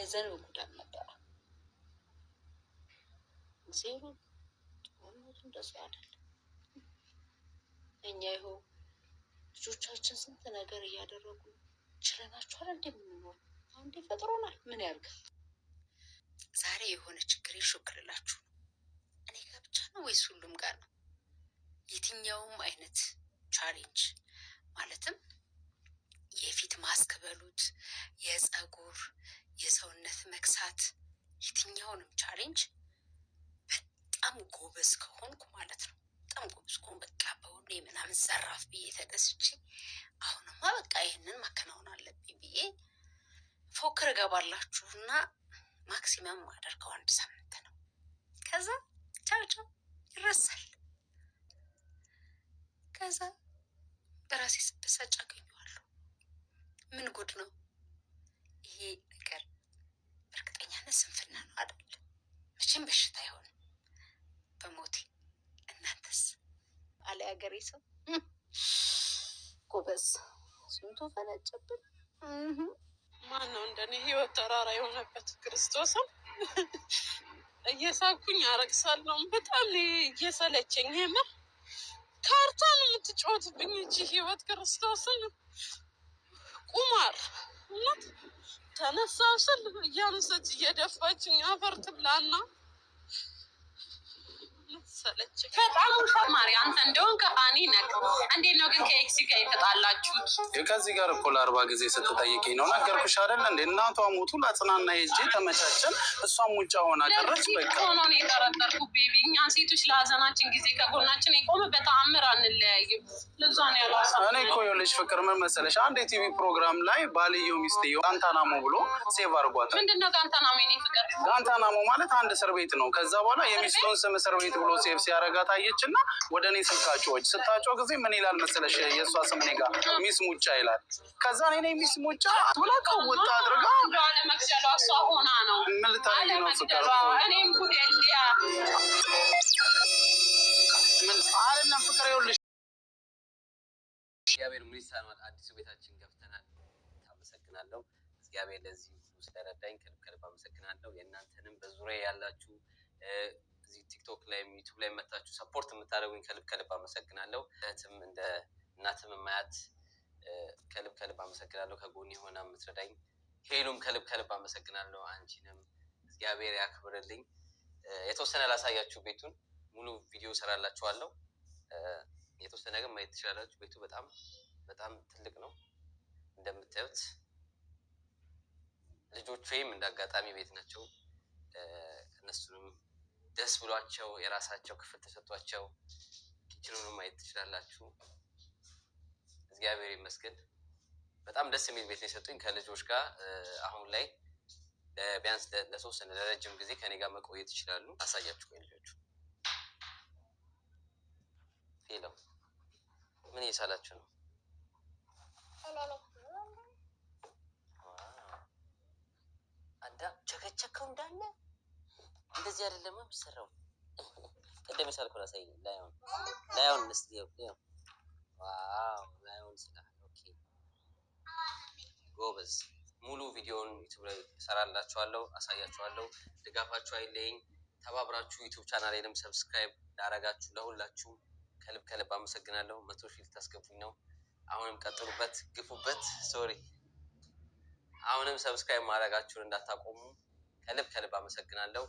ማዕዘን እንቁላል ነበረ። ዜሮ ጦርነቱ እንደሱ አይደለም። እኛ ይኸው ልጆቻችን ስንት ነገር እያደረጉ ችለናቸዋል። እንደ የምንኖር አንዴ ፈጥሮናል። ምን ያርጋል? ዛሬ የሆነ ችግር ይሾክልላችሁ ነው። እኔ ጋር ብቻ ነው ወይስ ሁሉም ጋር ነው? የትኛውም አይነት ቻሌንጅ ማለትም የፊት ማስክ በሉት፣ የጸጉር የሰውነት መክሳት፣ የትኛውንም ቻሌንጅ በጣም ጎበዝ ከሆንኩ ማለት ነው። በጣም ጎበዝ ከሆን በቃ በሁሉ ምናምን ዘራፍ ብዬ ተደስቼ አሁንማ በቃ ይህንን ማከናወን አለብኝ ብዬ ፎክር እገባላችሁ እና ማክሲመም አደርገው አንድ ሳምንት ነው። ከዛ ቻውቻው ይረሳል። ከዛ በራሴ ስበሳጭ አገኘዋል። ምን ጉድ ነው ይሄ ነገር? በእርግጠኛነት ስንፍና ነው አይደል? መቼም በሽታ አይሆንም። በሞቴ እናንተስ አለ ሀገሬ ሰው ጎበዝ። ስንቱ ፈነጨብን። ማን ነው እንደኔ ህይወት ተራራ የሆነበት? ክርስቶስም እየሳኩኝ አረግሳለሁም በጣም እየሰለቸኝ የምር ካርታን የምትጫወትብኝ እቺ ህይወት ክርስቶስን ቁማር ተነሳስል እያነሰች እየደፋችኝ አፈር ትብላና መሰለች በጣም ማሪ አንተ እንደውን ከፋኒ ነቅ። እንዴት ነው ግን ከኤክሲ ጋር የተጣላችሁት? ከዚህ ጋር እኮ ለአርባ ጊዜ ስትጠይቅኝ ነው ነገርኩሽ አይደል እንዴ? እናቷ ሞቱ ለጽናና ሄጄ ተመቻችን፣ እሷም ውጫ ሆና ቀረች። በቃ ሆኖ ነው የጠረጠርኩ ቤቢ። እኛ ሴቶች ለሀዘናችን ጊዜ ከጎናችን የቆመ በተአምር አንለያይም። ልዛን ነው እኔ እኮ የሆነች ፍቅር ምን መሰለሽ፣ አንድ የቲቪ ፕሮግራም ላይ ባልየው ሚስትየው ጋንታናሞ ብሎ ሴቭ አርጓት። ምንድነው ጋንታናሞ? ኔ ፍቅር ጋንታናሞ ማለት አንድ እስር ቤት ነው። ከዛ በኋላ የሚስቱን ስም እስር ቤት ብሎ ሴ ሴቭ ሲያረጋ ታየች እና ወደ እኔ ስልካጮች ስታጮ ጊዜ ምን ይላል መሰለሽ የእሷ ስም እኔ ጋር ሚስ ሙጫ ይላል። ከዛ እኔ ሚስ ሙጫ ብላ ወጣ አድርጋ ለመግደሏ እሷ ሆና ነው ምን ነው እኔም ጉደልያ አለም ፍቅር ይኸውልሽ እግዚአብሔር ሚኒስታር ማለት አዲሱ ቤታችን ገብተናል። አመሰግናለሁ። እግዚአብሔር ለዚህ ስለረዳኝ ከልብ ከልብ አመሰግናለሁ። የእናንተንም በዙሪያ ያላችሁ ዩቱብ ላይ መታችሁ ሰፖርት የምታደረጉኝ ከልብ ከልብ አመሰግናለሁ። እህትም እንደ እናትም ማያት ከልብ ከልብ አመሰግናለሁ። ከጎን የሆነ የምትረዳኝ ሄሉም ከልብ ከልብ አመሰግናለሁ። አንቺንም እግዚአብሔር ያክብርልኝ። የተወሰነ ላሳያችሁ ቤቱን ሙሉ ቪዲዮ ሰራላችኋለሁ። የተወሰነ ግን ማየት ትችላላችሁ። ቤቱ በጣም በጣም ትልቅ ነው እንደምታዩት። ልጆች ወይም እንደ አጋጣሚ ቤት ናቸው እነሱንም ደስ ብሏቸው የራሳቸው ክፍል ተሰጥቷቸው ኪችኑን ማየት ትችላላችሁ። እግዚአብሔር ይመስገን በጣም ደስ የሚል ቤት ነው የሰጡኝ ከልጆች ጋር አሁን ላይ ቢያንስ ለሶስት ለረጅም ጊዜ ከኔ ጋር መቆየት ይችላሉ። አሳያችሁ ልጆቹ ሌላው ምን እየሳላችሁ ነው? አዳ ቸከቸከው እንዳለ እንደዚህ አይደለም የሚሰራው። ቅድም የሳልኩ ላሳይ ላይሆን ላይሆን ስ ዋው ላይሆን ስላል ጎበዝ። ሙሉ ቪዲዮውን ዩቱብ ላይ እሰራላችኋለሁ፣ አሳያችኋለሁ። ድጋፋችሁ አይለኝ ተባብራችሁ ዩቱብ ቻናሌንም ሰብስክራይብ ላረጋችሁ ለሁላችሁ ከልብ ከልብ አመሰግናለሁ። መቶ ሺህ ልታስገቡኝ ነው። አሁንም ቀጥሉበት፣ ግፉበት። ሶሪ አሁንም ሰብስክራይብ ማድረጋችሁን እንዳታቆሙ ከልብ ከልብ አመሰግናለሁ።